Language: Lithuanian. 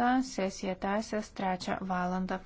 baigta, sesija tęsės trečią valandą.